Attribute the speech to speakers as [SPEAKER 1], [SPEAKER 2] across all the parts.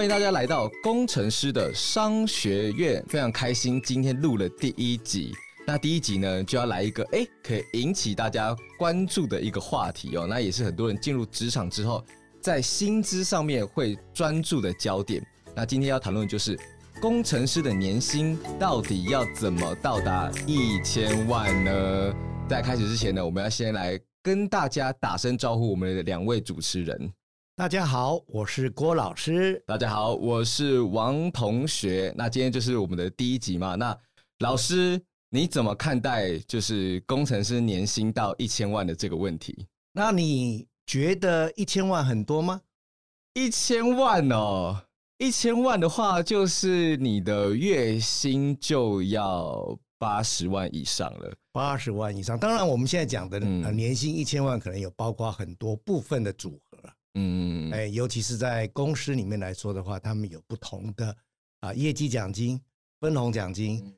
[SPEAKER 1] 歡迎大家來到工程師的商學院，非常開心，今天錄了第一集。那第一集呢，就要來一個誒，可以引起大家關注的一個話題哦。那也是很多人進入職場之後，在薪資上面會專注的焦點。那今天要談論的就是工程師的年薪到底要怎麼到達一千萬呢？在開始之前呢，我們要先來跟大家打聲招呼，我們的兩位主持人。大家好，我是郭老師。大家好，我是王同學。那今天就是我們的第一集嘛？那老師，對你怎麼看待就是工程師年薪到一千萬的這個問題？那你覺得一千萬很多嗎？一千萬哦，一千萬的話，就是你的月薪就要八十萬以上了。八十萬以上，
[SPEAKER 2] 當然我們現在講的啊年薪一千萬可能有包括很多部分的組合。嗯，哎、欸，尤其是在公司裡面來說的話，他們有不同的啊業績獎金、分紅獎金、嗯、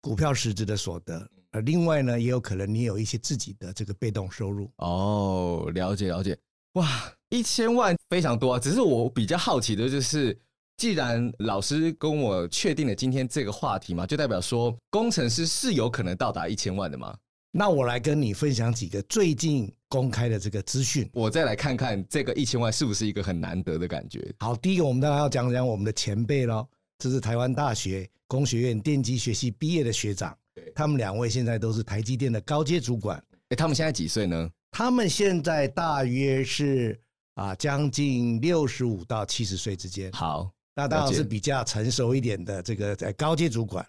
[SPEAKER 2] 股票市值的所得，而另外呢，也有可能你有
[SPEAKER 1] 一些自己的這個被動收入。哦，了解了解。哇，一千萬非常多啊！只是我比較好奇的就是，既然老師跟我確定了今天這個話題嘛，就代表說工程師是有可能到達一千萬的嗎？那我來跟你分享幾個最近公開的這個資訊。我再來看看這個一千萬是不是一個很難得的感覺。
[SPEAKER 2] 好，第一個我們當然要講講我們的前輩咯，這是臺灣大學工學院電機學系畢業的學長，對，他們兩位現在都是台積電的高階主管。哎、欸，他們現在幾歲呢？他們現在大約是啊，將近六十五到七十歲之間。好，那當然是比較成熟一點的這個在高階主管。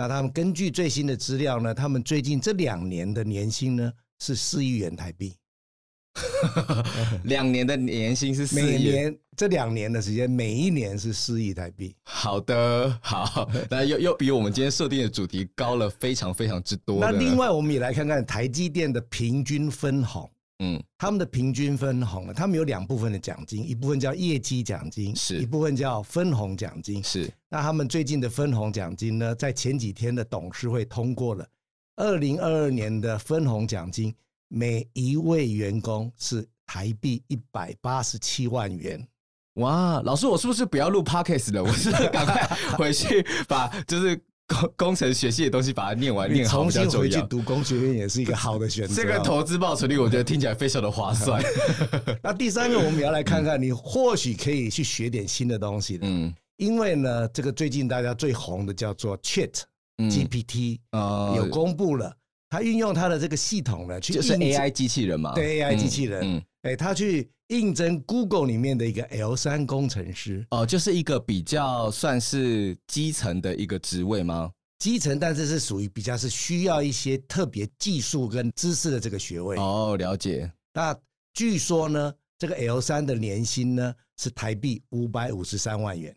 [SPEAKER 2] 那他們根據最新的資料呢，他們最近這兩年的年薪呢是四億元台幣，兩 年的年薪是四億元，每年，這兩年的時間每一年是四億台幣。
[SPEAKER 1] 好的，好，那又又比我們今天設定的主題高了非常非常之多。那另
[SPEAKER 2] 外我們也來看看台積電的平均分紅。嗯，他們的平均分紅，他們有兩部分的獎金，一部分叫業績獎金，是一部分叫分紅獎金。是，那他們最近的分紅獎金呢，在前幾天的董事會通過了，二零二二年的分紅獎金，每一位員工是台幣一百八十七
[SPEAKER 1] 萬元。哇，老師，我是不是不要錄 Podcast 了？我是趕快 回去把，就是。工工程學系的東西，把它念完念好比較重要。重新回去讀工學院也是一個
[SPEAKER 2] 好的選擇。這 個投資
[SPEAKER 1] 報酬率，我覺得聽起來非常的划算。 那第三個，我們要來看
[SPEAKER 2] 看，你或許可以去學點新的東西。嗯，因為呢，這個最近大家最紅的叫做 Chat GPT，啊、嗯，哦、有公布了，它運用它的這個系統呢，就是 AI 機器人嘛，對 AI 機器人。嗯嗯誒、欸，他去應徵 Google 裡面的一個 L 三工程師，
[SPEAKER 1] 哦，就是一個比較算是基層的一個職位嗎？基層，但是是屬於比較是需要一些特別技術跟
[SPEAKER 2] 知識的這個學位。哦，了解。那據說呢，這個 L 三的年薪呢，是台幣五百五十三萬元。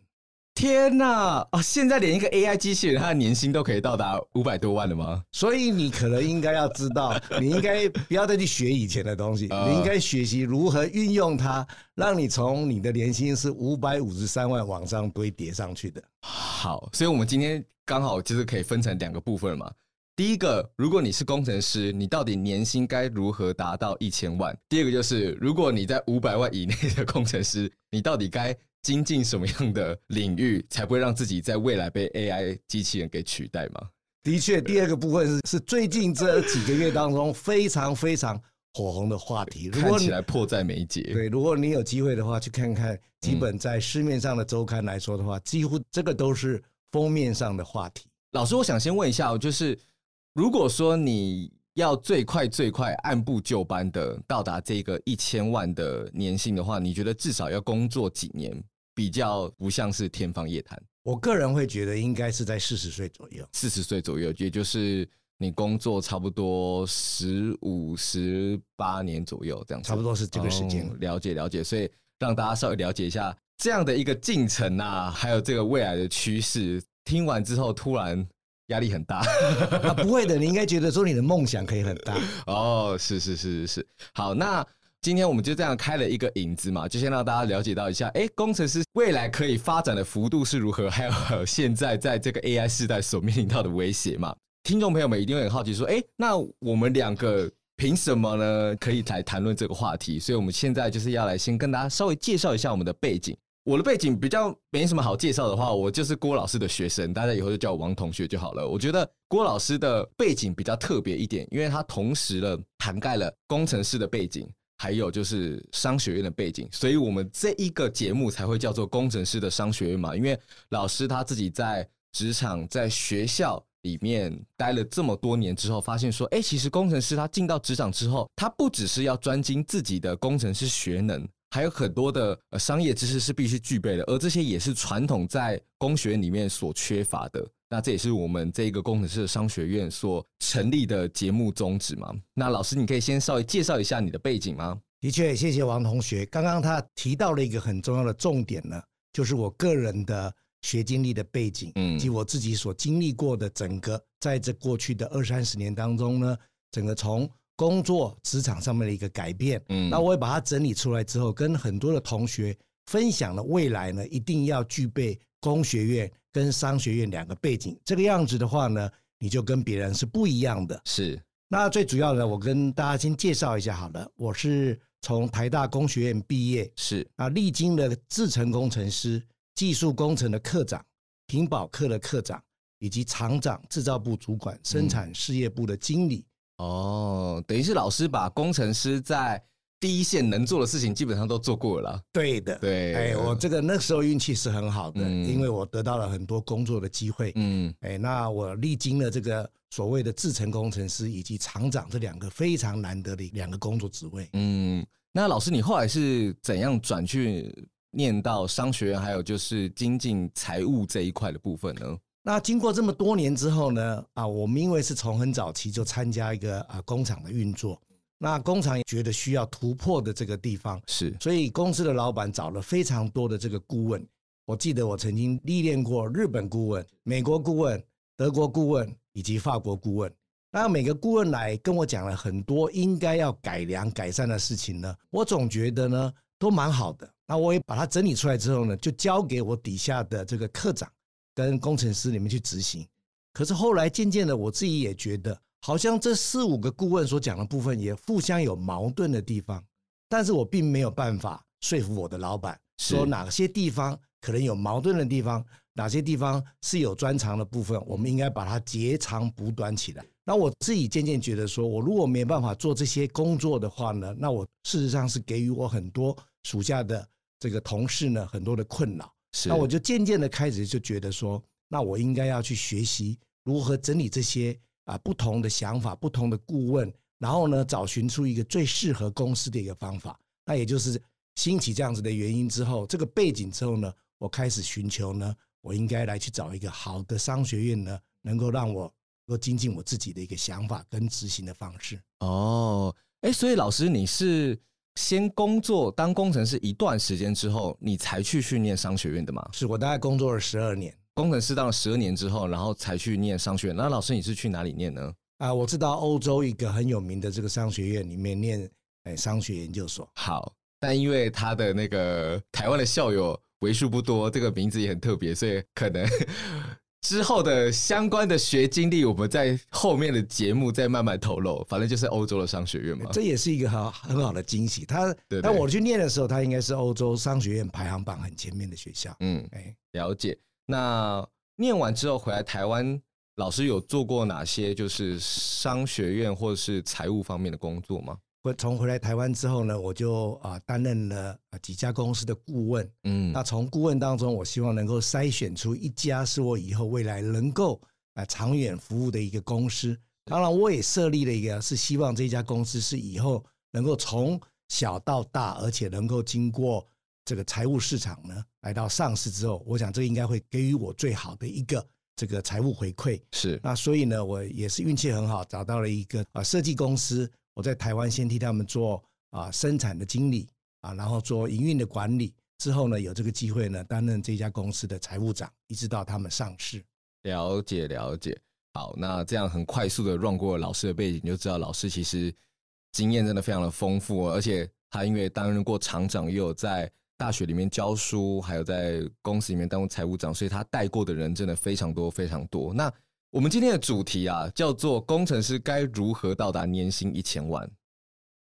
[SPEAKER 2] 天吶、啊！啊、哦，現在連一個 AI 機器人，它的年薪都可以到達五百多萬了嗎？所以你可能應該要知道，你應該不要再去學以前的東西， 你應該學習如何運用它，讓你
[SPEAKER 1] 從你的年薪是五百五十三萬往上堆疊上去的。好，所以我們今天剛好就是可以分成兩個部分嘛。第一個，如果你是工程師，你到底年薪該如何達到一千萬？第二個，就是如果你在五百萬以內的工程師，你到底該？精進什麼樣的領域，才不會讓自己在未來被 AI 機器人給取代嗎？的確，對，第二個部分是是最近這幾個月當中非常非常火紅的話題。看起來迫在眉睫。對，如果你有機會的
[SPEAKER 2] 話，去看看基本在市面上的周刊來說的話，嗯、幾乎這個都是封面
[SPEAKER 1] 上的話題。老師，我想先問一下，就是如果說你要最快最快按部就班的到達這個一千萬的年薪的話，你覺得至少要工作幾年？比較不像是天方夜譚，我個人會覺得應該是在四十歲左右，四十歲左右，也就是你工作差不多十五十八年左右這樣，差不多是這個時間。哦，了解了解，所以讓大家稍微了解一下這樣的一個進程啊，還有這個未來的趨勢。聽完之後，突然壓力很大。 啊，不會的，你應該覺得說你的夢想可以很大。 哦，是是是是是，好那。今天我們就這樣開了一個引子嘛，就先讓大家了解到一下，哎，工程師未來可以發展的幅度是如何，還有現在在這個 AI 時代所面臨到的威脅嘛。聽眾朋友們一定會很好奇說，哎，那我們兩個憑什麼呢，可以來談論這個話題？所以我們現在就是要來先跟大家稍微介紹一下我們的背景。我的背景比較沒什麼好介紹的話，我就是郭老師的學生，大家以後就叫我王同學就好了。我覺得郭老師的背景比較特別一點，因為他同時了涵蓋了工程師的背景。還有就是商學院的背景，所以我們這一個節目才會叫做工程師的商學院嘛。因為老師他自己在職場、在學校裡面待了這麼多年之後，發現說，哎，其實工程師他進到職場之後，他不只是要專精自己的工程師學能，還有很多的商業知識是必須具備的，而這些也是傳統在工學院裡面所缺乏的。那這也是我們這個工程師的商學院所成立的節目宗旨嘛？那老師，你可以先稍微介紹一下你的背景嗎？
[SPEAKER 2] 的確，謝謝王同學。剛剛他提到了一個很重要的重點呢，就是我個人的學經歷的背景，嗯，及我自己所經歷過的整個在這過去的二三十年當中呢，整個從工作職場上面的一個改變。嗯，那我也把它整理出來之後，跟很多的同學分享了。未來呢，一定要具備工學院，跟商學院兩個背景，這個樣子的話呢，你就跟別人是不一樣的。是，那最主要的，我跟大家先介紹一下好了。我是從台大工學院畢業，是啊，歷經了製程工程師、技術工程的課長、品保課的課長，
[SPEAKER 1] 以及廠長、製造部主管、生產事業部的經理。嗯、哦，等於是老師把工程師在第一線能做的事情基本上都做過了。對的，對的，哎，我
[SPEAKER 2] 這個那時候運氣是很好的，嗯，因為我得到了很多工作的機會。嗯，哎，那我歷經了這個所謂的製程工程師以及廠長這兩個非常難得的兩個工作職位。
[SPEAKER 1] 嗯，那老師，你後來是怎樣轉去念到商學院，還有就是精進財務這一塊的部分呢？
[SPEAKER 2] 那經過這麼多年之後呢？啊，我們因為是從很早期就參加一個啊工廠的運作。那工廠也覺得需要突破的這個地方是，所以公司的老闆找了非常多的這個顧問，我記得我曾經歷練過日本顧問、美國顧問、德國顧問以及法國顧問。那每個顧問來跟我講了很多應該要改良改善的事情呢，我總覺得呢都蠻好的。那我也把它整理出來之後呢，就交給我底下的這個課長跟工程師裡面去執行。可是後來漸漸的，我自己也覺得。好像這四五個顧問所講的部分也互相有矛盾的地方，但是我並沒有辦法說服我的老闆說哪些地方可能有矛盾的地方，是哪些地方是有專長的部分，我們應該把它截長補短起來。那我自己漸漸覺得說，我如果沒辦法做這些工作的話呢，那我事實上是給予我很多屬下的這個同事呢很多的困擾。是那我就漸漸的開始就覺得說，那我應該要去學習如何整理這些。啊，不同的想法，不同的顧問，然後呢，找尋出一個最適合公司的一個方法。那也就是興起這樣子的原因之後，這個背景之後呢，我開始尋求呢，我應該來去找一個好的商學院呢，能夠讓我，能夠精進我自己的一個想法跟執行的方式。
[SPEAKER 1] 哦，哎、欸，所以老師，你是先工作當工程師一段時間之後，你才去訓練商學院的嗎？是，我大概工作了十二年。工程師當了十二年之後，然後才去念商學院。那老師，你是去哪裡念呢？
[SPEAKER 2] 啊，我知道歐洲一個很有名的這個商學院裡面念哎、欸，商學研究所。
[SPEAKER 1] 好，但因為他的那個台灣的校友為數不多，這個名字也很特別，所以可能 之後的相關的學經歷，我們在後面的節目再慢慢透露。反正就是歐洲的商學院嘛，這也是一個很很好的驚喜。他，嗯、但我去
[SPEAKER 2] 念的時候，他應該是歐洲商學院排行榜很前面的學校。
[SPEAKER 1] 欸、嗯，哎，了解。那念完之後回來台灣，老師有做過哪些就是商學院或者是財務方面的工作嗎？
[SPEAKER 2] 我從回來台灣之後呢，我就啊擔任了幾家公司的顧問，嗯，那從顧問當中，我希望能夠篩選出一家是我以後未來能夠啊長遠服務的一個公司。當然，我也設立了一個，是希望這家公司是以後能夠從小到大，而且能夠經過。這個財務市場呢，來到上市之後，我想這應該會給予我最好的一個這個財務回饋。是，那所以呢，我也是運氣很好，找到了一個啊、呃、設計公司，我在台灣先替他們做啊、呃、生產的經理啊，然後做營運的管理，之後呢有這個機會呢擔任這家公司的財務長，一直到他們上市。
[SPEAKER 1] 了解了解，好，那這樣很快速的 run 過老師的背景，你就知道老師其實經驗真的非常的豐富，而且他因為擔任過廠長，又有在大學裡面教書，還有在公司裡面當過財務長，所以他帶過的人真的非常多非常多。那我們今天的主題啊，叫做工程師該如何到達年薪一千萬？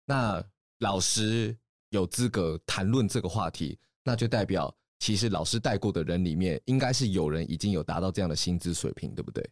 [SPEAKER 1] 那老師有資格談論這個話題，那就代表其實老師帶過的人裡面，應該是有人已經有達到這樣的薪資水平，對不對？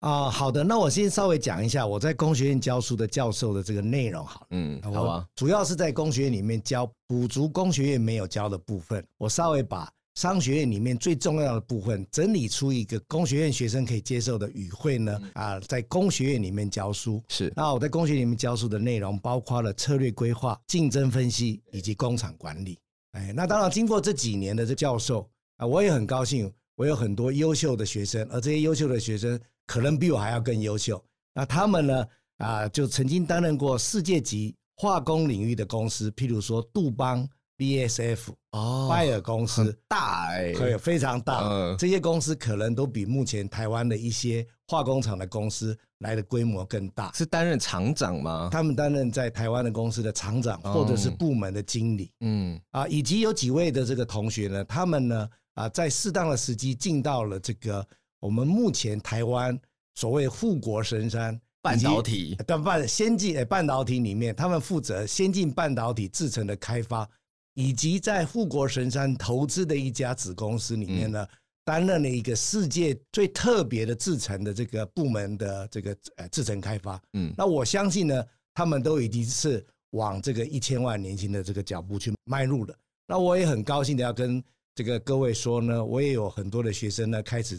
[SPEAKER 2] 啊，好的，那我先稍微講一下我在工學院教書的教授的這個內容好，
[SPEAKER 1] 好，嗯，好啊，
[SPEAKER 2] 主要是在工學院裡面教補足工學院沒有教的部分，我稍微把商學院裡面最重要的部分整理出一個工學院學生可以接受的語彙呢，嗯、啊，在工學院裡面教書是，那我在工學裡面教書的內容包括了策略規劃、競爭分析以及工廠管理，哎，那當然經過這幾年的這教授啊，我也很高興，我有很多優秀的學生，而這些優秀的學生。可能比我還要更優秀。那他們呢？啊、呃，就曾經擔任過世界級化工領域的公司，譬如說杜邦 BSF、哦、BSF、拜耳公司，大哎、欸，對，非常大。呃、這些公司可能都比目前台灣的一些化工廠的公司來的規模更大。是擔任廠長嗎？他們擔任在台灣的公司的廠長，或者是部門的經理。嗯啊、嗯呃，以及有幾位的這個同學呢？他們呢？啊、呃，在適當的時機進到了這個。我們目前台灣所謂護國神山半導體，但半先進哎半導體裡面，他們負責先進半導體制程的開發，以及在護國神山投資的一家子公司裡面呢，擔任了一個世界最特別的制程的這個部門的這個呃制程開發。嗯，那我相信呢，他們都已經是往這個一千萬年薪的這個腳步去邁入了。那我也很高興的要跟這個各位說呢，我也有很多的學生呢，開始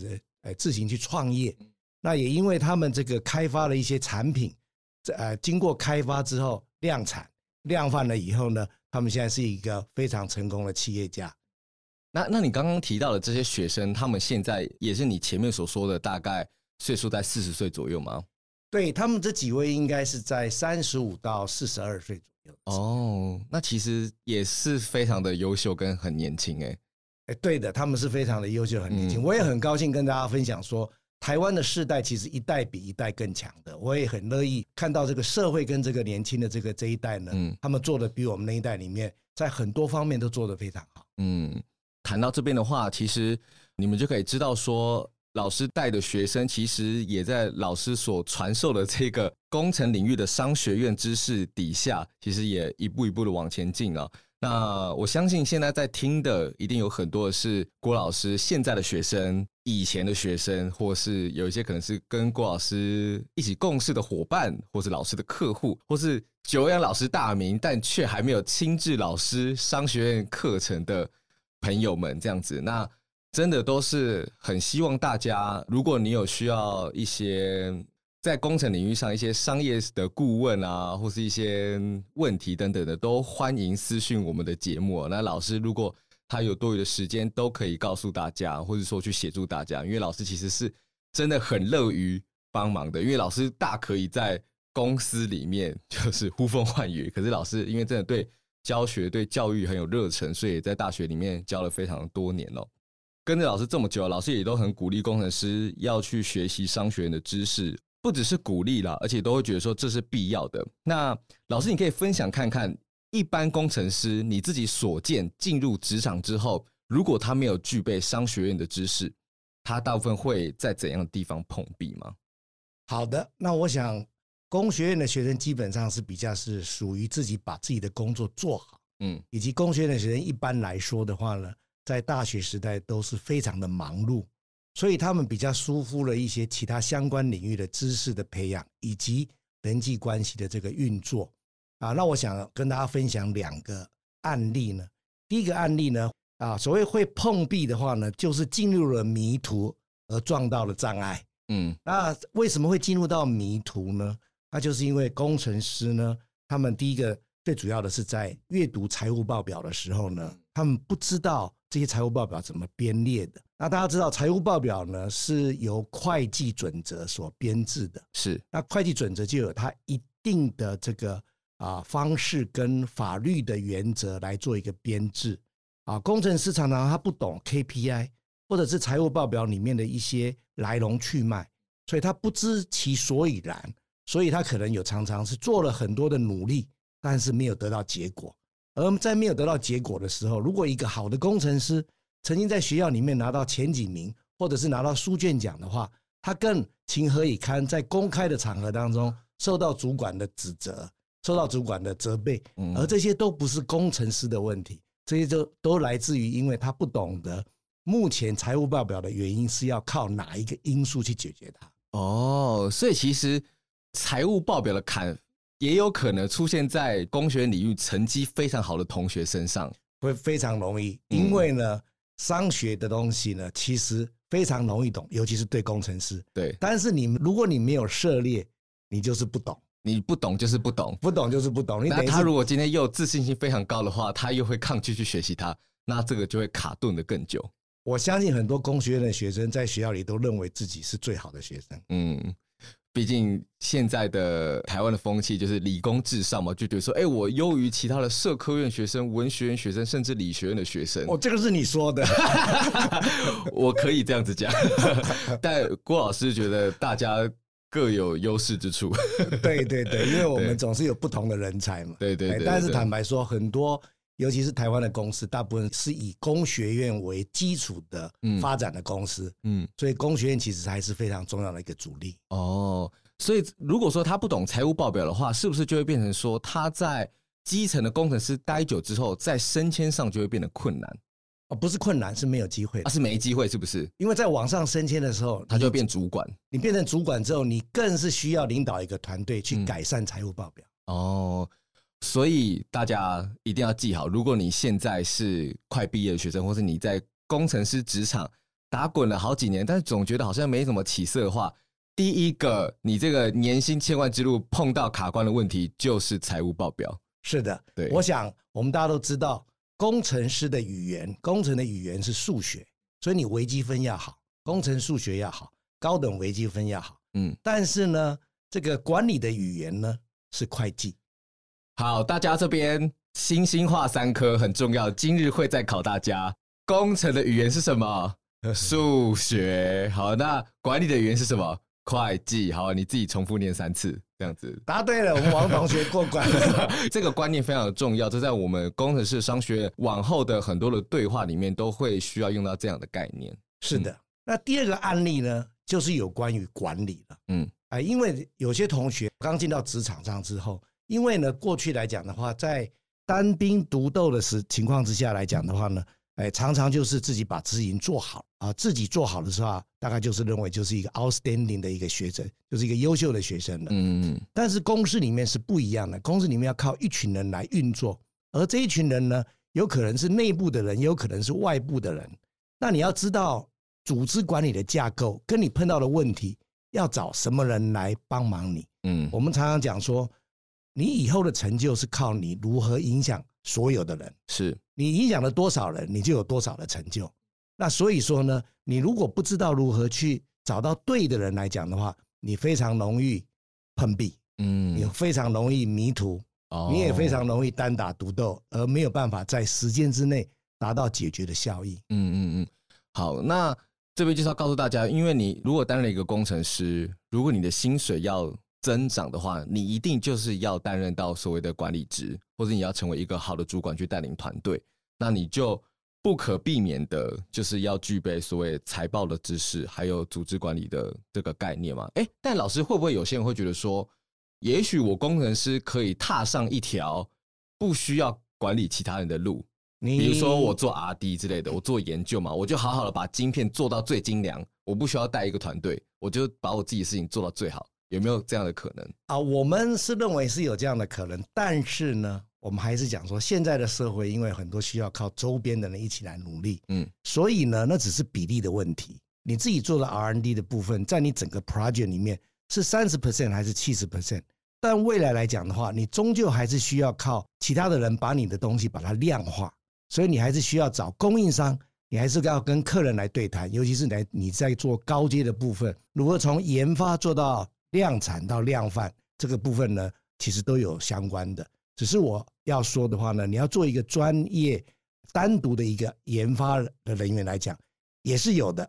[SPEAKER 2] 自行去創業，那也因為他們這個開發了一些產品，呃，經過開發之後量產、量販了以後呢，他們現在是一個非常成功
[SPEAKER 1] 的企業家。那，那你剛剛提到的這些學生，他們現在也是你前面所說的大概歲數在四十歲左右嗎？對，他們這幾位應該是在三十五到四十二歲左右。哦，oh, 那其實也是非常的優秀跟很年輕哎、欸。哎，對的，他們是非常的優秀，很年輕。嗯、我也很高興跟大家分享說，嗯、
[SPEAKER 2] 台灣的世代其實一代比一代更強的。我也很樂意看到這個社會跟這個年輕的這
[SPEAKER 1] 個這一代呢，嗯、他們做的
[SPEAKER 2] 比我們那一代裡面，在很多方面都做得非常好。
[SPEAKER 1] 嗯，談到這邊的話，其實你們就可以知道說，老師帶的學生其實也在老師所傳授的這個工程領域的商學院知識底下，其實也一步一步的往前進了。那我相信現在在聽的一定有很多的是郭老師現在的學生、以前的學生，或是有一些可能是跟郭老師一起共事的夥伴，或是老師的客戶，或是久仰老師大名但卻還沒有親自老師商學院課程的朋友們，這樣子。那真的都是很希望大家，如果你有需要一些，在工程領域上，一些商業的顧問啊，或是一些問題等等的，都歡迎私訊我們的節目。那老師如果他有多餘的時間，都可以告訴大家，或者說去協助大家，因為老師其實是真的很樂於幫忙的。因為老師大可以在公司裡面就是呼風喚雨，可是老師因為真的對教學、對教育很有熱忱，所以在大學裡面教了非常多年哦。跟着老師這麼久，老師也都很鼓勵工程師要去學習商學院的知識。不只是鼓勵了，而且都會覺得說這是必要的。那老師，你可以分享看看，一般工程師你自己所見，進入職場之後，如果他沒有具備商學院的知識，他大部分會在怎樣的地方碰壁嗎？
[SPEAKER 2] 好的，那我想，工學院的學生基本上是比較是屬於自己把自己的工作做好，嗯，以及工學院的學生一般來說的話呢，在大學時代都是非常的忙碌。所以他們比較疏忽了一些其他相關領域的知識的培養，以及人際關係的這個運作啊。那我想跟大家分享兩個案例呢。第一個案例呢，啊，所謂會碰壁的話呢，就是進入了迷途而撞到了障礙。嗯，那為什麼會進入到迷途呢？那就是因為工程師呢，他們第一個最主要的是在閱讀財務報表的時候呢，他們不知道這些財務報表怎麼編列的。那大家知道，財務報表呢，是由會計準則所編製的，是。那會計準則就有它一定的這個啊方式跟法律的原則，來做一個編製。啊，工程師常常他不懂 KPI 或者是財務報表裡面的一些來龍去脈，所以他不知其所以然，所以他可能有常常是做了很多的努力，但是沒有得到結果。而在沒有得到結果的時候，如果一個好的工程師，曾經在學校裡面拿到前幾名，或者是拿到書卷獎的話，他更情何以堪？在公開的場合當中受到主管的指責，受到主管的責備，而這些都不是工程師的問題，這些都都來自於因為他不懂得目前財務報表的原因是要靠哪一個因素去解
[SPEAKER 1] 決它。哦，所以其實財務報表的坎也有可能出現在工學領域成績非常好的同學身上，會非常容易，因
[SPEAKER 2] 為呢。嗯商學的東西呢，其實非常容易懂，尤其是對工程師。對，但是你如果你沒有涉獵，你就是不懂。你不懂就是不懂，不懂就是不懂。那他如
[SPEAKER 1] 果今天又自信心非常高的話，他又會抗拒去學習它，那這個就會卡頓的更久。我相信很多工學院的學生在學校裡都認為自己是最好的學生。嗯。畢竟現在的台灣的風氣就是理工至上嘛，就覺得說，哎、欸，我優於其他的社科院學生、文學院學生，甚至理學院的學生。哦，
[SPEAKER 2] 這個是你說的，
[SPEAKER 1] 我可以這樣子講。但郭老師覺得大家各有優勢之處，對對對，因為我們
[SPEAKER 2] 總是有不同的人才嘛，對對，對，對對。但是坦白說，很多。尤其是台灣的公司，大部分是以工學院為基礎的發展的公司，嗯，嗯，所以工學院其實還是非常
[SPEAKER 1] 重要的一個主力。哦，所以如果說他不懂財務報表的話，是不是就會變成說他在基層的工程師待久之後，在升遷上就會變得困難？哦，不是困難，是沒有機會，啊，是沒機會，是不是？因為在往上升遷的時候，他就會變主管。
[SPEAKER 2] 你，你變成主管之後，你更是需要領導一個團隊去改善財務報表。嗯、
[SPEAKER 1] 哦。所以大家一定要記好，如果你現在是快畢業的學生，或是你在工程師職場打滾了好幾年，但是總覺得好像沒什麼起色的話，第一個，你這個年薪千萬之路碰到卡關的問題，就是財務報表。
[SPEAKER 2] 是的，對。我想我們大家都知道，工程師的語言，工程的語言是數學，所以你微積分要好，工程數學要好，高等微
[SPEAKER 1] 積分要好。嗯。但是呢，這個管理的語言呢是會計。好，大家這邊星星畫三顆很重要，今日會再考大家。工程的語言是什麼？數學。好，那管理的語言是什麼？會計。好，你自己重複念三次，這樣子。答對了，我們王同學過關了。 這個觀念非常重要，這在我們工程師、商學院往後的很多的對話裡面都會需要用到這樣的概念。是的，
[SPEAKER 2] 那第二個案例呢，就是有關於管理的。嗯，哎，因為有些同學剛進到職場上之後。因為呢，過去來講的話，在單兵獨鬥的時情況之下來講的話呢，哎、欸，常常就是自己把自營做好啊，自己做好的時候，大概就是認為就是一個 outstanding 的一個學生，就是一個優秀的學生了。嗯，但是公司裡面是不一樣的，公司裡面要靠一群人來運作，而這一群人呢，有可能是內部的人，也有可能是外部的人。那你要知道組織管理的架構，跟你碰到的問題，要找什麼人來幫忙你。嗯，我們常常講說。你以後的成就是靠你如何影響所有的人，是你影響了多少人，你就有多少的成就。那所以說呢，你如果不知道如何去找到對的人來講的話，你非常容易碰壁。嗯，你非常容易迷途，
[SPEAKER 1] 你也非常
[SPEAKER 2] 容易單打獨鬥，而沒有辦法在時間之內達到解決的效
[SPEAKER 1] 益。嗯嗯嗯。好，那這邊就是要告訴大家，因為你如果擔任一個工程師，如果你的薪水要。增長的話，你一定就是要擔任到所謂的管理職，或者你要成為一個好的主管去帶領團隊，那你就不可避免的就是要具備所謂財報的知識，還有組織管理的這個概念嘛。欸，但老師會不會有些人會覺得說，也許我工程師可以踏上一條不需要管理其他人的路，你比如說我做 RD 之類的，我做研究嘛，我就好好的把晶片做到最精良，我不需要帶一個團隊，我就把我自己的事情做到最好。有沒有這樣的可能
[SPEAKER 2] 啊？我們是認為是有這樣的可能，但是呢，我們還是講說，現在的社會因為很多需要靠周邊的人一起來努力，嗯，所以呢，那只是比例的問題。你自己做的 R&D 的部分，在你整個 project 裡面是三十 percent 還是七十 percent？但未來來講的話，你終究還是需要靠其他的人把你的東西把它量化，所以你還是需要找供應商，你還是要跟客人來對談，尤其是來你在做高階的部分，如何從研發做到。量產到量販這個部分呢，其實都有相關的。只是我要說的話呢，你要做一個專業單獨的一個研發的人員來講，也是有的。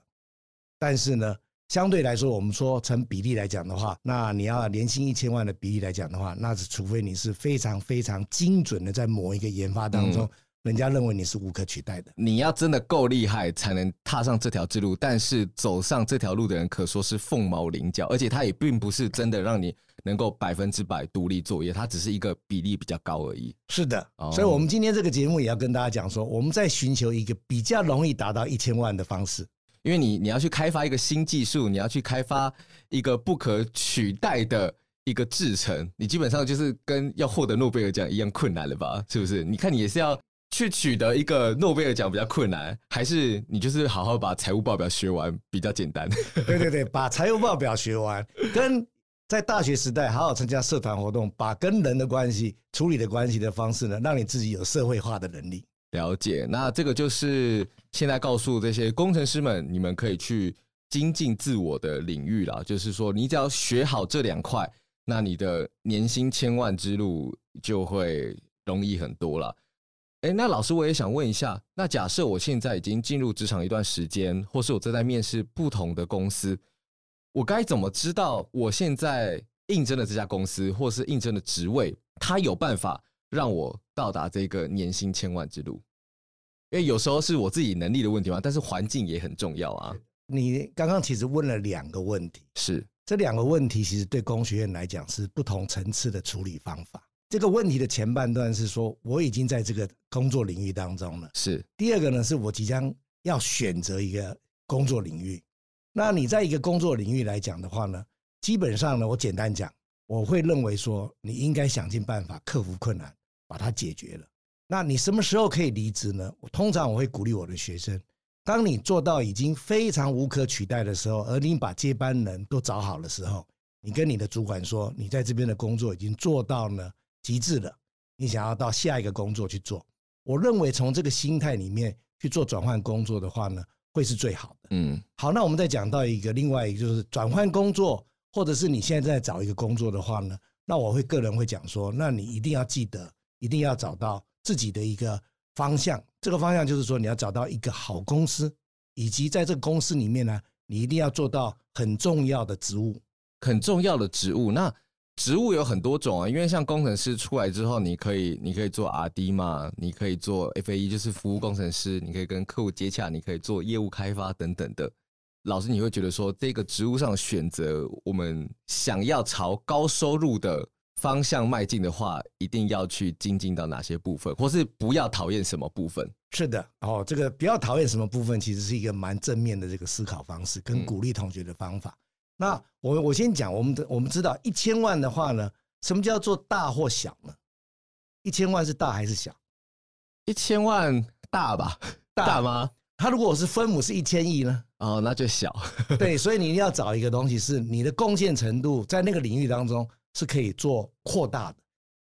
[SPEAKER 2] 但是呢，相對來說，我們說成比例來講的話，那你要年薪一千萬的比例來講的話，那是除非你是非常非常精準的在某一個研發當中。嗯人家認為你是無可取代的，
[SPEAKER 1] 你要真的夠厲害才能踏上這條之路，但是走上這條路的人可說是鳳毛麟角，而且他也並不是真的讓你能夠百分之百獨立作業，它只是一個比例比較高而已。是的，哦，所以我們
[SPEAKER 2] 今天這個節目也要跟大家講說，我們在尋求一個比
[SPEAKER 1] 較容易達到一千萬的方式，因為你你要去開發一個新技術，你要去開發一個不可取代的一個制程，你基本上就是跟要獲得諾貝爾獎一樣困難了吧？是不是？你看你也是要。去取得一個諾貝爾獎比較困難，還是你就是好好把財務報表學完比較簡單？
[SPEAKER 2] 對對對，把財務報表學完，跟在大學時代好好參加社團活動，把跟人的關係處理的關係的方式呢，讓你自己有社會化的能力。
[SPEAKER 1] 了解，那這個就是現在告訴這些工程師們，你們可以去精進自我的領域了。就是說，你只要學好這兩塊，那你的年薪千萬之路就會容易很多了。哎、欸，那老師，我也想問一下，那假設我現在已經進入職場一段時間，或是我正在面試不同的公司，我該怎麼知道我現在應徵的這家公司或是應徵的職位，他有辦法讓我到達這個年薪千萬之路？因為有時候是我自己能力的問題嘛，但是環境也很重要啊。你剛剛其實問了兩個問題，
[SPEAKER 2] 是，這兩個問題其實對工學院來講是不同層次的處理方法。這個問題的前半段是說我已經在這個工作領域當中了是。是第二個呢，是我即將要選擇一個工作領域。那你在一個工作領域來講的話呢，基本上呢，我簡單講，我會認為說你應該想盡辦法克服困難，把它解決了。那你什麼時候可以離職呢？通常我會鼓勵我的學生，當你做到已經非常無可取代的時候，而你把接班人都找好的時候，你跟你的主管說，你在這邊的工作已經做到呢。極致的，你想要到下一個工作去做。我認為從這個心態裡面去做轉換工作的話呢，會是最好的。嗯，好，那我們再講到一個另外一個，就是轉換工作，或者是你現在在找一個工作的話呢，那我會個人會講說，那你一定要記得，一定要找到自己的一個方向。這個方向就是說，你要找到一個好公司，以及在這個公司裡面呢，你一定要做到很重要的
[SPEAKER 1] 職務，很重要的職務。那職務有很多種啊，因為像工程師出來之後，你可以你可以做 RD 嘛，你可以做 FAE，就是服務工程師，你可以跟客戶接洽，你可以做業務開發等等的。老師，你會覺得說這個職務上選擇我們想要朝高收入的方向邁進的話，一定要去精進到哪些部分，或是不要討厭什麼部分？是的，哦，這個不要
[SPEAKER 2] 討厭什麼部分，其實是一個蠻正面的這個思考方式，跟鼓勵同學的方法。嗯那我我先講，我們的我們知道一千萬的話呢，什麼叫做大或小呢？一千萬是大還是小？一千萬大吧，大，大嗎？他如果我是分母是一千億呢？哦，那就小。 對，所以你一定要找一個東西，是你的貢獻程度在那個領域當中是可以做擴大的。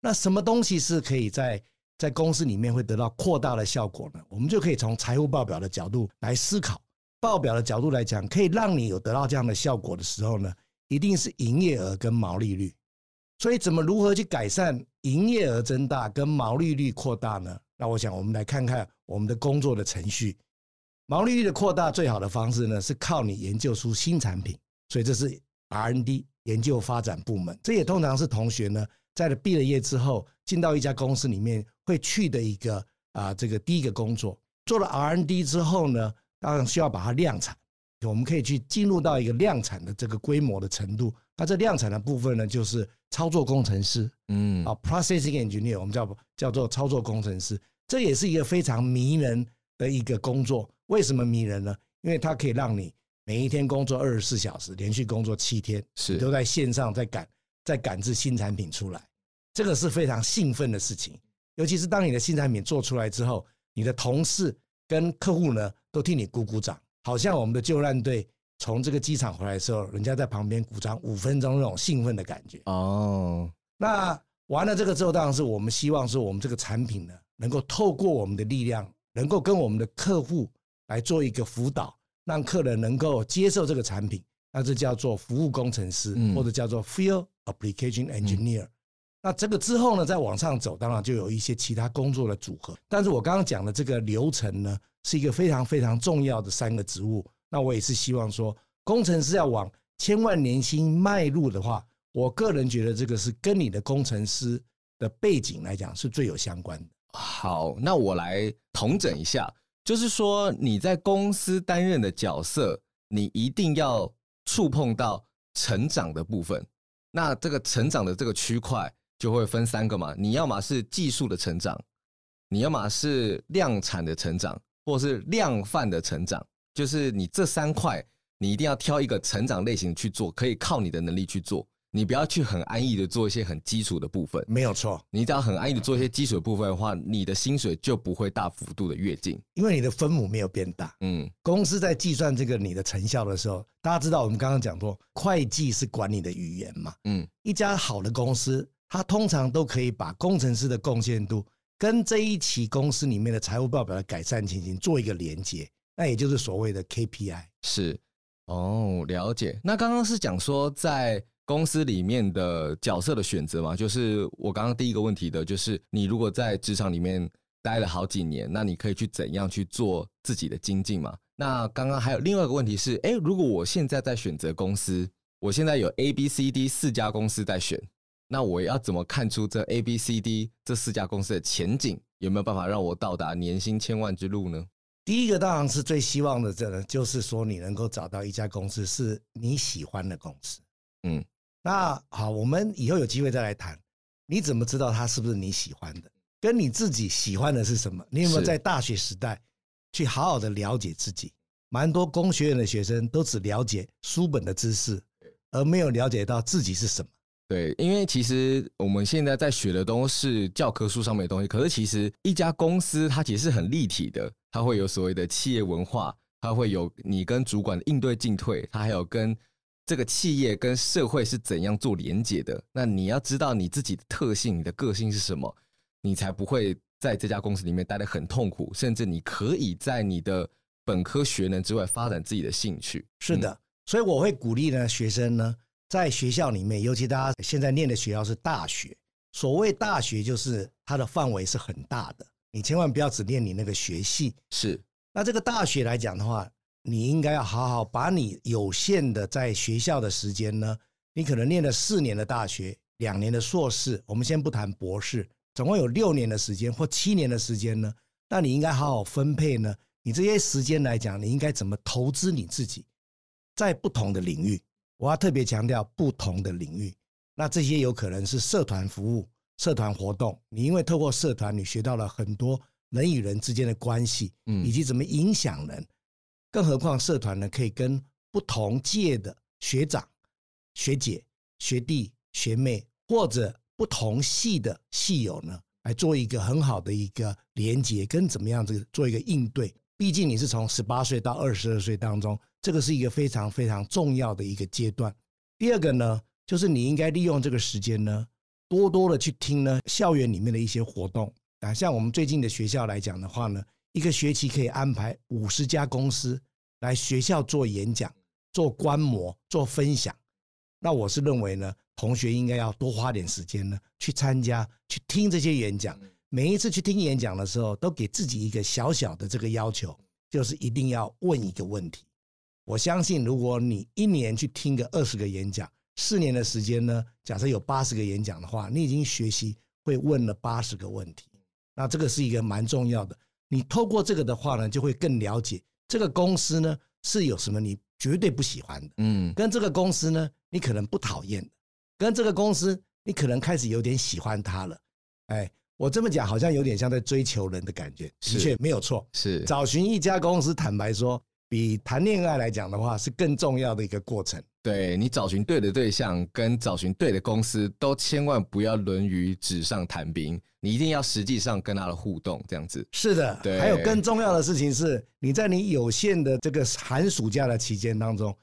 [SPEAKER 2] 那什麼東西是可以在在公司裡面會得到擴大的效果呢？我們就可以從財務報表的角度來思考。報表的角度來講，可以讓你有得到這樣的效果的時候呢，一定是營業額跟毛利率。所以，怎麼如何去改善營業額增大跟毛利率擴大呢？那我想，我們來看看我們的工作的程序。毛利率的擴大最好的方式呢，是靠你研究出新產品。所以，這是 R&D，研究發展部門。這也通常是同學呢，在了畢了業之後進到一家公司裡面會去的一個啊、呃，這個第一個工作。做了 R&D 之後呢，當然需要把它量產，我們可以去進入到一個量產的這個規模的程度。那這量產的部分呢，就是操作工程師，嗯啊，uh，Processing Engineer 我們叫叫做操作工程師，這也是一個非常迷人的一個工作。為什麼迷人呢？因為它可以讓你每一天工作二十四小時，連續工作七天，是都在線上在趕，在趕製新產品出來，這個是非常興奮的事情。尤其是當你的新產品做出來之後，你的同事跟客戶呢，都替你鼓鼓掌，好像我們的救難隊從這個機場回來的時候，人家在旁邊鼓掌五分鐘那種興奮的感覺哦。Oh. 那完了這個之後，當然是我們希望是我們這個產品呢，能夠透過我們的力量，能夠跟我們的客戶來做一個輔導，讓客人能夠接受這個產品。那這叫做服務工程師，嗯、或者叫做 Field Application Engineer。嗯、那這個之後呢，再往上走，當然就有一些其他工作的組合。但是我剛剛講的這個流程呢，是一個非常非常重要的三個職務。那我也是希望說，工程師要往千萬年薪邁入的話，我個人覺得這個是跟你的工程師的背景來講是最有相關
[SPEAKER 1] 的。好，那我來統整一下，就是說你在公司擔任的角色，你一定要觸碰到成長的部分。那這個成長的這個區塊就會分三個嘛，你要嘛是技術的成長，你要嘛是量產的成長。或是量販的成長，就是你這三塊，你一定要挑一個成長類型去做，可以靠你的能力去做。你不要去很安逸的做一些很基礎的部分，沒有錯。你只要很安逸的做一些基礎的部分的話，你的薪水就不會大幅度的躍進，因為你的分母沒有變大。嗯，
[SPEAKER 2] 公司在計算這個你的成效的時候，大家知道我們剛剛講過，會計是管理的語言嘛。嗯，一家好的公司，它通常都可以把工程師的貢獻度，跟這一期公司裡面的財務報表的改善情形做一個連接，那也就是所謂的 KPI。
[SPEAKER 1] 是，哦，了解。那剛剛是講說在公司裡面的角色的選擇嘛，就是我剛剛第一個問題的，就是你如果在職場裡面待了好幾年，那你可以去怎樣去做自己的精進嘛？那剛剛還有另外一個問題是，欸，如果我現在在選擇公司，我現在有 A、B、C、D 四家公司在選。那我要怎麼看出這 A、B、C、D 這四家公司的前景有沒有辦法讓我到達年薪千萬之路呢？第一個當
[SPEAKER 2] 然是最希望的，這呢就是說你能夠找到一家公司是你喜歡的公司。嗯，那好，我們以後有機會再來談。你怎麼知道它是不是你喜歡的？跟你自己喜歡的是什麼？你有沒有在大學時代去好好的了解自己？是，蠻多工學院的學生都只了解書本的知識，
[SPEAKER 1] 而沒有了解到自己是什麼。對，因為其實我們現在在學的都是教科書上面的東西，可是其實一家公司它其實是很立體的，它會有所謂的企業文化，它會有你跟主管的應對進退，它還有跟這個企業跟社會是怎樣做連接的。那你要知道你自己的特性，你的個性是什麼，你才不會在這家公司裡面待得很痛苦，甚至你可以在你的本科學能之外發展自己的興趣。嗯、是的，
[SPEAKER 2] 所以我會鼓勵呢學生呢。在學校裡面，尤其大家現在念的學校是大學。所謂大學，就是它的範圍是很大的。你千萬不要只念你那個學系。是。那這個大學來講的話，你應該要好好把你有限的在學校的時間呢，你可能念了四年的大學，兩年的碩士，我們先不談博士，總共有六年的時間或七年的時間呢，那你應該好好分配呢。你這些時間來講，你應該怎麼投資你自己，在不同的領域。我要特別強調不同的領域，那這些有可能是社團服務、社團活動。你因為透過社團，你學到了很多人與人之間的關係，以及怎麼影響人。嗯，更何況社團呢，可以跟不同屆的學長、學姐、學弟、學妹，或者不同系的系友呢，來做一個很好的一個連接，跟怎麼樣子做一個應對。畢竟你是從十八歲到二十二歲當中。這個是一個非常非常重要的一個階段。第二個呢，就是你應該利用這個時間呢，多多的去聽呢校園裡面的一些活動啊。像我們最近的學校來講的話呢，一個學期可以安排五十家公司來學校做演講、做觀摩、做分享。那我是認為呢，同學應該要多花點時間呢，去參加、去聽這些演講。每一次去聽演講的時候，都給自己一個小小的這個要求，就是一定要問一個問題。我相信，如果你一年去聽個二十個演講，四年的時間呢，假設有八十個演講的話，你已經學習會問了八十個問題。那這個是一個蠻重要的。你透過這個的話呢，就會更了解這個公司呢是有什麼你絕對不喜歡的，嗯跟，跟這個公司呢你可能不討厭的，跟這個公司你可能開始有點喜歡它了。哎，我這麼講好像有點像在追求人的感覺，是的確沒有錯，是找尋一家公司，坦白說。比談戀愛來講的話，是更重要的一個過程。
[SPEAKER 1] 對，你找尋對的對象，跟找尋對的公司，都千萬不要淪於紙上談兵。你一定要實際上跟他的互動，這樣子。是的，對還有更
[SPEAKER 2] 重要的事情是，你在你有限的這個寒暑假的期間當中，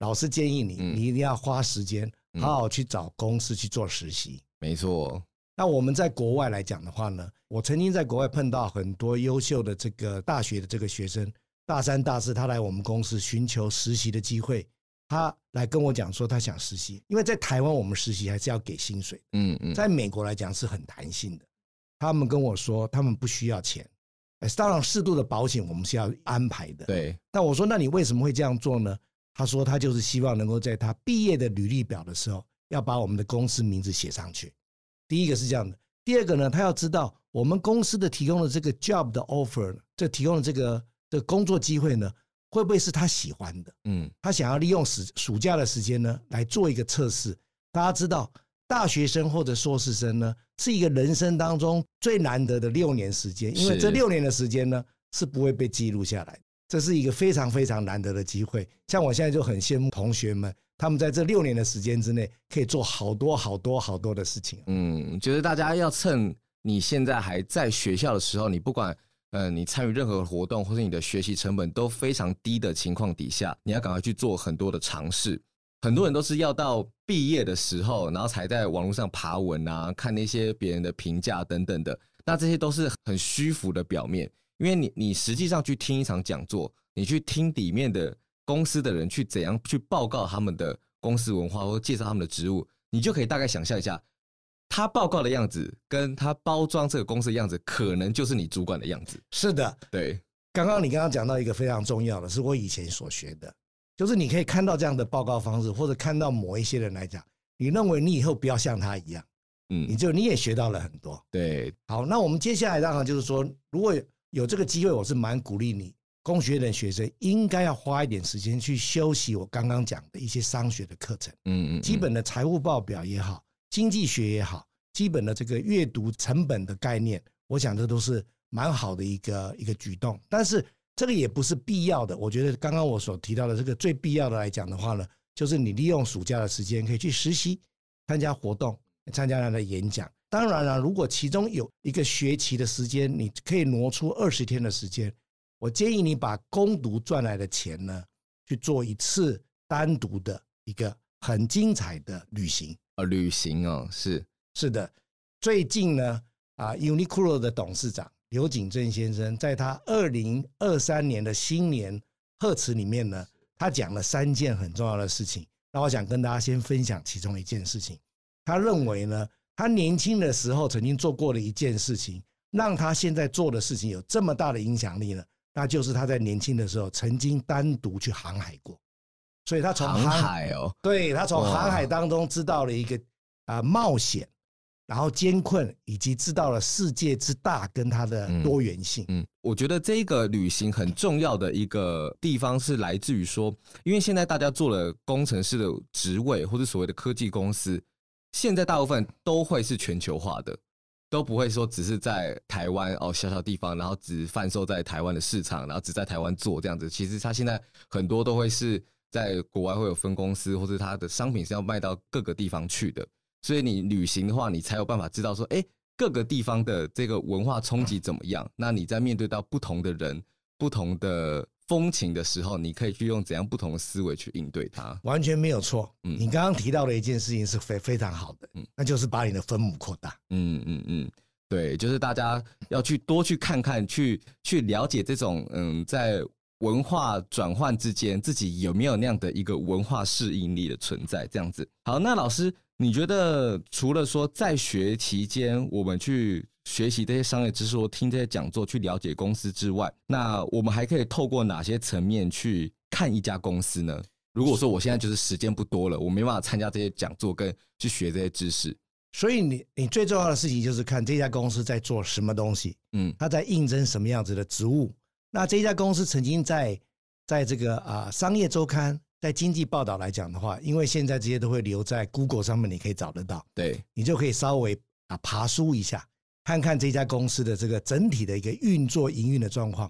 [SPEAKER 2] 老師建議你，嗯、你一定要花時間，好好去找公司去做實習、嗯。沒錯。那我們在國外來講的話呢，我曾經在國外碰到很多優秀的這個大學的這個學生。大三、大四，他來我們公司尋求實習的機會。他來跟我講說，他想實習，因為在台灣，我們實習還是要給薪水。嗯嗯，在美國來講是很彈性的。他們跟我說，他們不需要錢，哎，當然適度的保險我們是要安排的。對。那我說，那你為什麼會這樣做呢？他說，他就是希望能夠在他畢業的履歷表的時候，要把我們的公司名字寫上去。第一個是這樣的，第二個呢，他要知道我們公司的提供的這個 job 的 offer，這提供的這個。這工作機會呢，會不會是他喜歡的？嗯，他想要利用暑暑假的時間呢，來做一個測試。大家知道，大學生或者碩士生呢，是一個人生當中最難得的六年時間，因為這六年的時間呢，是不會被記錄下來的，這是一個非常非常難得的機會。像我現在就很羨慕同學們，他們在這六年的時間之內，可以
[SPEAKER 1] 做好多
[SPEAKER 2] 好多好多的事情。
[SPEAKER 1] 嗯，覺得大家要趁你現在還在學校的時候，你不管。嗯，你參與任何活動或是你的學習成本都非常低的情況底下，你要趕快去做很多的嘗試。很多人都是要到畢業的時候，然後才在網絡上爬文啊，看那些別人的評價等等的。那這些都是很虛浮的表面，因為你你實際上去聽一場講座，你去聽裡面的公司的人去怎樣去報告他們的公司文化或介紹他們的職務，你就可以大概想象一下。他報告的樣子，跟他包裝這個公司的樣子，可能就是你主管的樣子。是的，對。
[SPEAKER 2] 剛剛你剛剛講到一個非常重要的是，我以前所學的，就是你可以看到這樣的報告方式，或者看到某一些人來講，你認為你以後不要像他一樣，嗯，你就你也學到了很多。對，好，那我們接下來當然就是說，如果有這個機會，我是蠻鼓勵你，工學院的學生應該要花一點時間去修習我剛剛講的一些商學的課程。嗯，嗯嗯，基本的財務報表也好。經濟學也好，基本的這個閱讀成本的概念，我想這都是蠻好的一個一個舉動。但是這個也不是必要的。我覺得剛剛我所提到的這個最必要的來講的話呢，就是你利用暑假的時間可以去實習、參加活動、參加他的演講。當然了，如果其中有一個學期的時間，你可以挪出二十天的時間，我建議你把工讀賺來的錢呢，去做一次單獨的一個很精彩的
[SPEAKER 1] 旅行。旅行哦，是
[SPEAKER 2] 是的，最近呢，啊，Uniqlo 的董事長柳井正先生在他二零二三年的新年賀詞裡面呢，他講了三件很重要的事情。那我想跟大家先分享其中一件事情。他認為呢，他年輕的時候曾經做過的一件事情，讓他現在做的事情有這麼大的影響力呢，那就是他在年輕的時候曾經單獨去航海過。所以他從航，航海哦，對，他從航海當中知道了一個啊、哦呃、冒險，然後艱困，以及知道了世界之大跟它的多元
[SPEAKER 1] 性。嗯，嗯，我覺得這一個旅行很重要的一個地方是來自於說，因為現在大家做了工程師的職位，或者所謂的科技公司，現在大部分都會是全球化的，都不會說只是在台灣哦，小小地方，然後只販售在台灣的市場，然後只在台灣做這樣子。其實他現在很多都會是。在國外會有分公司，或者它的商品是要賣到各個地方去的，所以你旅行的話，你才有辦法知道說，誒、欸，各個地方的這個文化衝擊怎麼樣。嗯、那你在面對到不同的人、不同的風情的時候，你可以去用怎樣不同的思維去應對它，
[SPEAKER 2] 完全沒有錯。嗯，你剛剛提到的一件事情是非非常好的，嗯，那就是把你的分母擴大。嗯
[SPEAKER 1] 嗯嗯，對，就是大家要去多去看看，去去了解這種，嗯，在。文化轉換之間，自己有沒有那樣的一個文化適應力的存在？這樣子。好，那老師，你覺得除了說在學期間，我們去學習這些商業知識，或聽這些講座，去了解公司之外，那我們還可以透過哪些層面去看一家公司呢？如果說我現在就是時間不多了，我沒辦法參加這些講座跟去學這些知識，
[SPEAKER 2] 所以你你最重要的事情就是看這家公司在做什麼東西，嗯，他在應徵什麼樣子的職務。那這家公司曾經在在這個啊商業週刊，在經濟報道來講的話，因為現在這些都會留在 Google 上面，你可以找得到。對，你就可以稍微啊爬梳一下，看看這家公司的這個整體的一個運作營運的狀況。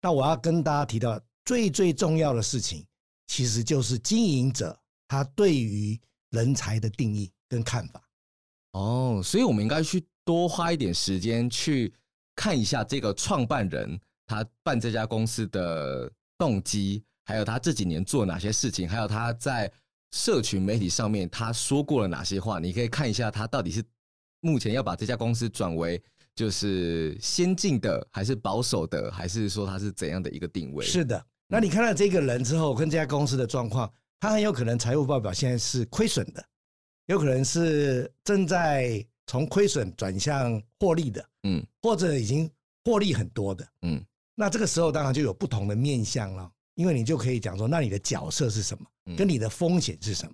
[SPEAKER 2] 那我要跟大家提到最最重要的事情，其實就是經營者他對於人才的定義跟看法。
[SPEAKER 1] 哦，所以我們應該去多花一點時間去看一下這個創辦人。他辦這家公司的動機，還有他這幾年做了哪些事情，還有他在社群媒體上面他說過了哪些話，你可以看一下他到底是目前要把這家公司轉為就是先進的，還是保守的，還是說他是怎樣的一個定位？是的，那你看到這個人之後跟這家公司的狀況，他很有可能財務報表現在是虧
[SPEAKER 2] 損的，有可能是正在從虧損轉向獲利的，嗯，或者已經獲利很多的，嗯。那這個時候當然就有不同的面向了，因為你就可以講說，那你的角色是什麼，跟你的風險是什麼。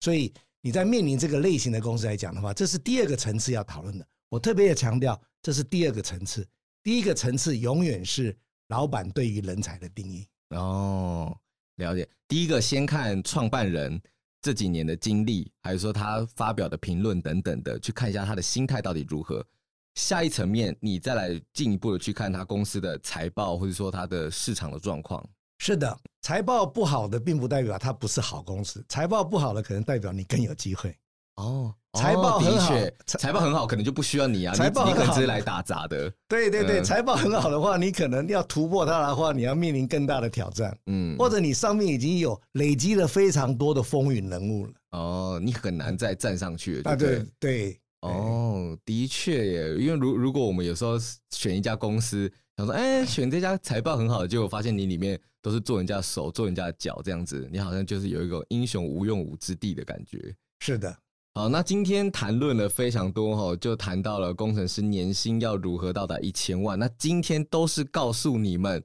[SPEAKER 2] 所以你在面臨這個類型的公司來講的話，這是第二個層次要討論的。我特別的強調，這是第二個層次。第一個層次永遠是老板對於人才的定義。
[SPEAKER 1] 哦，了解。第一個先看創辦人這幾年的經歷，還有說他發表的評論等等的，去看一下他的心態到底如何。下一層面，你再來進一步的去看他公司的財報，或者說他的市場的狀況。
[SPEAKER 2] 是的，財報不好的，並不代表他不是好公司。財報不好的，可能代表你
[SPEAKER 1] 更有機會。哦，財報很好，財、哦、財報很好，可能就不需要你啊。財報很好的你，你可是來打雜的。的對對對，財、嗯、報很好
[SPEAKER 2] 的話，你可能要突破它的話，你要面臨更大的
[SPEAKER 1] 挑戰。嗯，或者你上面已經有累積了非常多的風雲人物了。哦，你很難再站上去、嗯、對啊！對對。哦，的確耶，因為如如果我們有時候選一家公司，想說，哎、欸，選這家財報很好，結果發現你裡面都是做人家手、做人家腳這樣子，你好像就是有一個英雄無用武之地的感覺。是的，好，那今天談論了非常多哈，就談到了工程師年薪要如何到達一千萬。那今天都是告訴你們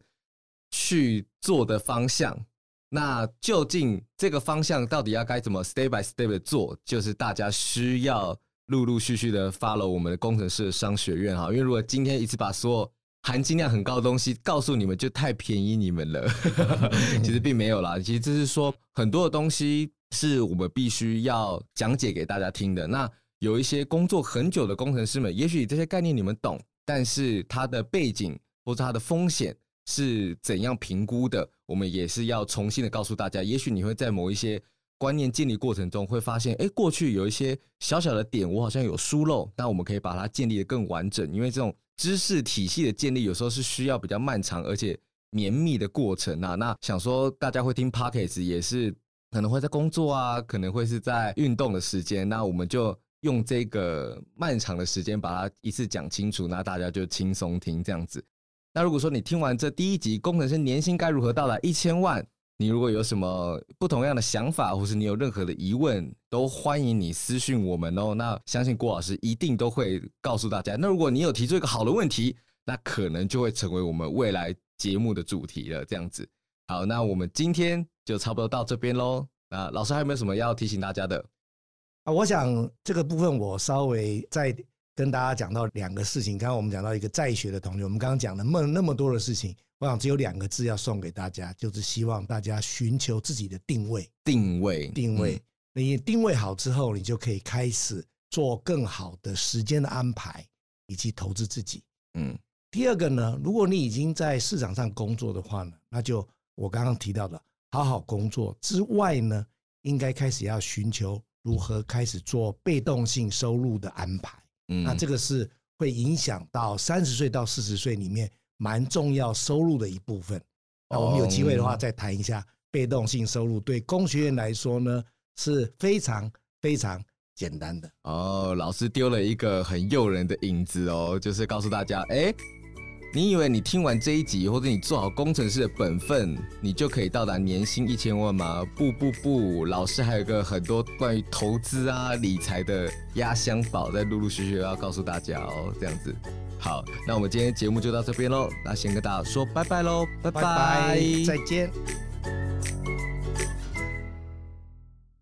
[SPEAKER 1] 去做的方向，那究竟這個方向到底要該怎麼 step by step 的做，就是大家需要。陸陸續續的發了我們的工程師的商學院哈，因為如果今天一直把所有含金量很高的東西告訴你們，就太便宜你們了。 其實並沒有啦，其實就是說很多的東西是我們必須要講解給大家聽的。那有一些工作很久的工程師們，也許這些概念你們懂，但是它的背景或者它的風險是怎樣評估的，我們也是要重新的告訴大家。也許你會在某一些。觀念建立過程中會發現，哎，過去有一些小小的點，我好像有疏漏，那我們可以把它建立得更完整。因為這種知識體系的建立，有時候是需要比較漫長而且綿密的過程啊。那想說大家會聽 Podcast，也是可能會在工作啊，可能會是在運動的時間，那我們就用這個漫長的時間把它一次講清楚，那大家就輕鬆聽這樣子。那如果說你聽完這第一集，工程師年薪該如何到達一千萬？你如果有什麼不同樣的想法，或是你有任何的疑問，都歡迎你私訊我們哦。那相信郭老師一定都會告訴大家。那如果你有提出一個好的問題，那可能就會成為我們未來節目的主題了。這樣子，好，那我們今天就差不多到這邊嘍。那老師還有沒有什麼要提醒大家的？
[SPEAKER 2] 啊，我想這個部分我稍微再跟大家講到兩個事情。剛剛我們講到一個在學的同學，我們剛剛講的夢那麼多的事情。我想只有兩個字要送給大家，就是希望大家尋求自己的定位，定位，定位。你、嗯、定位好之後，你就可以開始做更好的時間的安排，以及投資自己。嗯，第二個呢，如果你已經在市場上工作的話呢，那就我剛剛提到的好好工作之外呢，應該開始要尋求如何開始做被動性收入的安排。嗯，那這個是會影響到三十歲到四十歲裡面。蠻重要收入的一部分，那我們有機會的話再談一下被動性收入。對工學院來說呢，是非常非常簡單的。
[SPEAKER 1] 哦，oh, 老師丟了一個很誘人的影子哦，就是告訴大家，哎。你以為你聽完這一集，或者你做好工程師的本分，你就可以到達年薪一千萬嗎？不不不，老師還有一個很多關於投資啊、理財的壓箱寶，在陸陸續續要告訴大家哦。這樣子，好，那我們今天節目就到這邊嘍。那先跟大家說拜拜嘍，拜拜，再
[SPEAKER 2] 見。